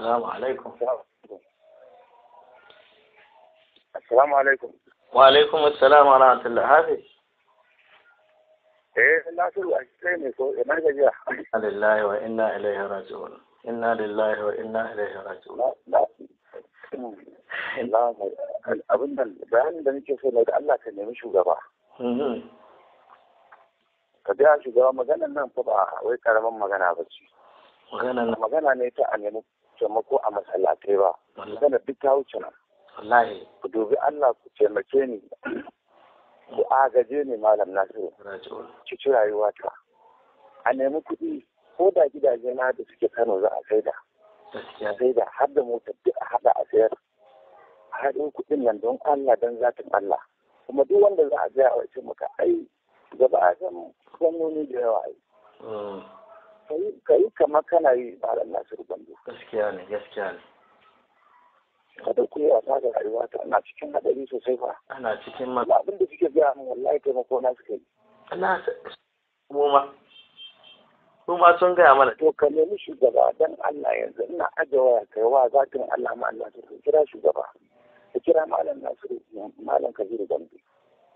السلام عليكم السلام عليكم وعليكم السلام ورحمة الله حافظ eh nasir wa sai ne so ina gajiya lillahi wa inna ilaihi raji'un abin nan bayanin da nake so na da Allah ka nemi shugaba mm-hmm. ka shugaba maganan nan fa ba wai karaman magana ba ce magana ne ta a nemi taimako a masallatai ba magana duk ta wuce nan wallahi ku dubi Allah ku taimake ni ku agaje ni malam Nasiru ki ci rayuwata a nemi kuɗi ko da gidaje na da suke Kano za a Gaskiya. a da har da motar duk a haɗa a sayar haɗin kuɗin nan don Allah don zatin Allah kuma duk wanda za a je a wace maka ai gaba a san gwamnoni da yawa ai mm. ka yi kama kana yi malam Nasiru Gombe gaskiya ne gaskiya ne kada ku yi wasa ga rayuwa ta ana cikin hadari sosai fa ana cikin ma abin da suke gaya min wallahi taimako na suka yi ana mu ma ma sun gaya mana to ka nemi shugaba dan Allah yanzu ina aje waya kai wa zakin Allah ma Allah ta kira shugaba ka kira malam Nasiru malam Kabiru Gambe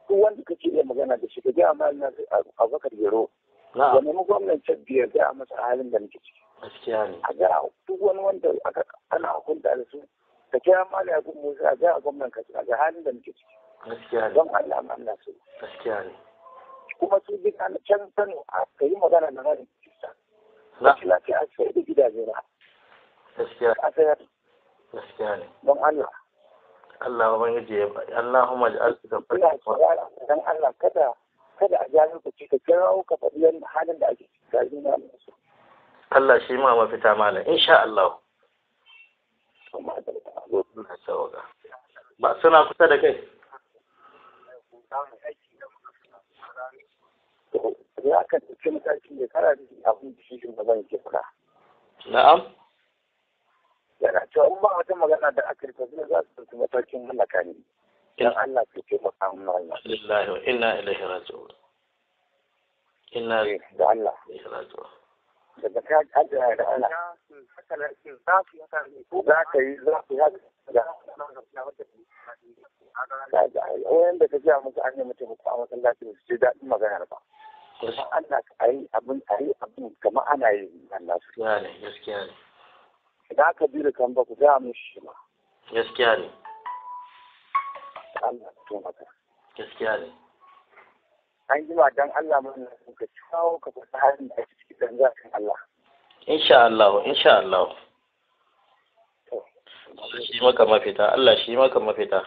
duk wanda kake iya magana da shi ka gaya malam Nasiru Abubakar Gero ya nemi gwamnan Chad biyar ga masa halin da nake ciki gaskiya ne a gara duk wani wanda aka ana hukunta da su ka kira mali a gun musa a ga gwamnan ka a ga halin da muke ciki gaskiya ne don Allah ma Allah su gaskiya ne kuma su duk an can Kano a kai magana da harin kisa na lafiya a sai da gidaje na gaskiya a sayar gaskiya ne don Allah Allah ban yaje Allahumma da ka dan Allah kada kada a ja lokaci ka kirawo ka faɗi halin da ake Allah shi ma mafita mana insha Allah ba suna kusa da kai ya ka ɗauki mataki ne kana da abin da shi ba zan ke fara na'am yana cewa in ba wata magana da aka rika zai za su tafi matakin halaka ne dan Allah ke ce maka mu wannan lillahi wa inna ilaihi raji'un inna da Allah ilaihi raji'un daga ka ajiya da ana za ka yi za ku haka da wayan da ka ji musu an yi mutum ko a masallaci su ce daɗin maganar ba kusan Allah a yi abin a yi abin kama ana yi Allah su gaskiya ne bi da kan ba ku gaya mun shi ma gaskiya ne Allah gaskiya ne an ji ma dan Allah mun ka kawo ka fata halin da ake idan za ka Allah insha Allah shi maka mafita Allah shi maka mafita